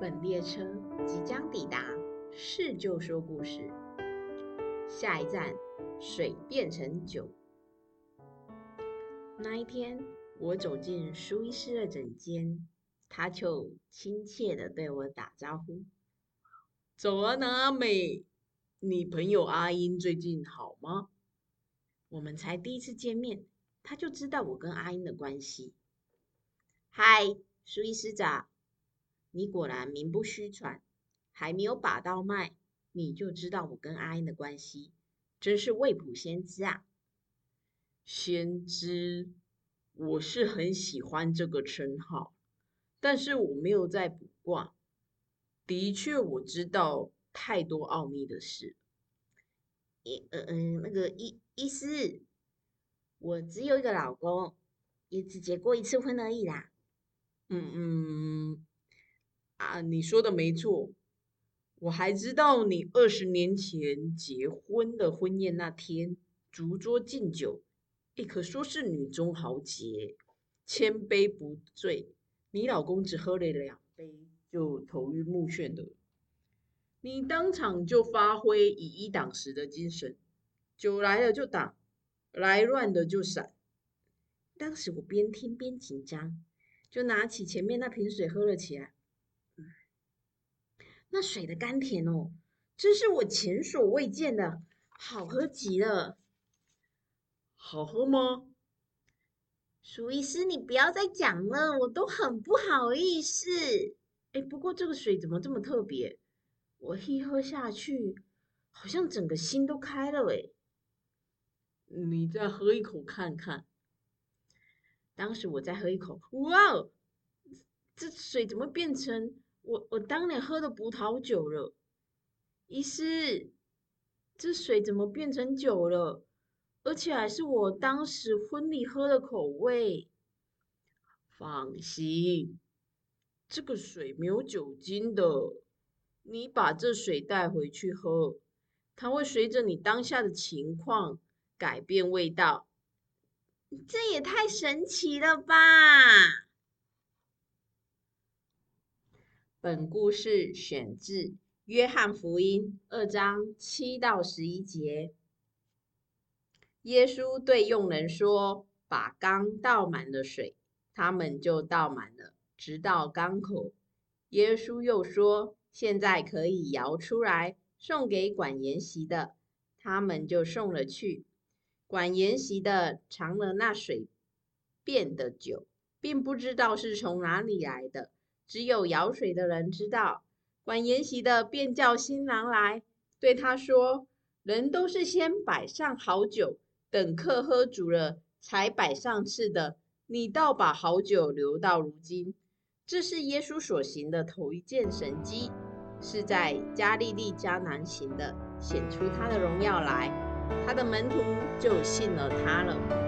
本列車即將抵達，是就說故事。下一站，水變成酒。那一天，我走進舒醫師的診間，他就親切地對我打招呼：“走啊，娜美，你朋友阿英最近好嗎？”我們才第一次見面，他就知道我跟阿英的關係。嗨，舒醫師早。你果然名不虛傳，還沒有把到脈，你就知道我跟阿英的關係，真是未卜先知啊！先知，我是很喜歡這個稱號，但是我沒有在卜卦。的確，我知道太多奧秘的事。嗯嗯，那個一醫師，我只有一個老公，也只結過一次婚而已啦。嗯嗯。嗯啊，你說的沒錯，我還知道你二十年前結婚的婚宴那天，逐桌敬酒，亦可說是女中豪傑，千杯不醉。你老公只喝了兩杯就頭暈目眩的，你當場就發揮以一擋十的精神，酒來了就擋，來亂的就閃。當時我邊聽邊緊張，就拿起前面那瓶水喝了起來。那水的甘甜哦，真是我前所未見的，好喝極了。好喝嗎？鼠醫師，你不要再講了，我都很不好意思。哎，不過這個水怎麼這麼特別？我一喝下去，好像整個心都開了哎。你再喝一口看看。當時我再喝一口，哇哦，這水怎麼變成？我我當年喝的葡萄酒了，醫師，這水怎麼變成酒了？而且還是我當時婚禮喝的口味。放心，這個水沒有酒精的。你把這水帶回去喝，它會隨着你當下的情況改變味道。這也太神奇了吧！本故事選自《約翰福音》二章七到十一節。耶穌對用人說：“把缸倒滿了水，他們就倒滿了，直到缸口。”耶穌又說：“現在可以舀出來，送給管筵席的，他們就送了去。管筵席的嘗了那水變的酒，並不知道是從哪裡來的。”只有舀水的人知道，管筵席的便叫新郎來，對他說：“人都是先擺上好酒，等客喝足了，才擺上次的。你倒把好酒留到如今。”這是耶穌所行的頭一件神蹟，是在加利利迦拿行的，顯出他的榮耀來。他的門徒就信了他了。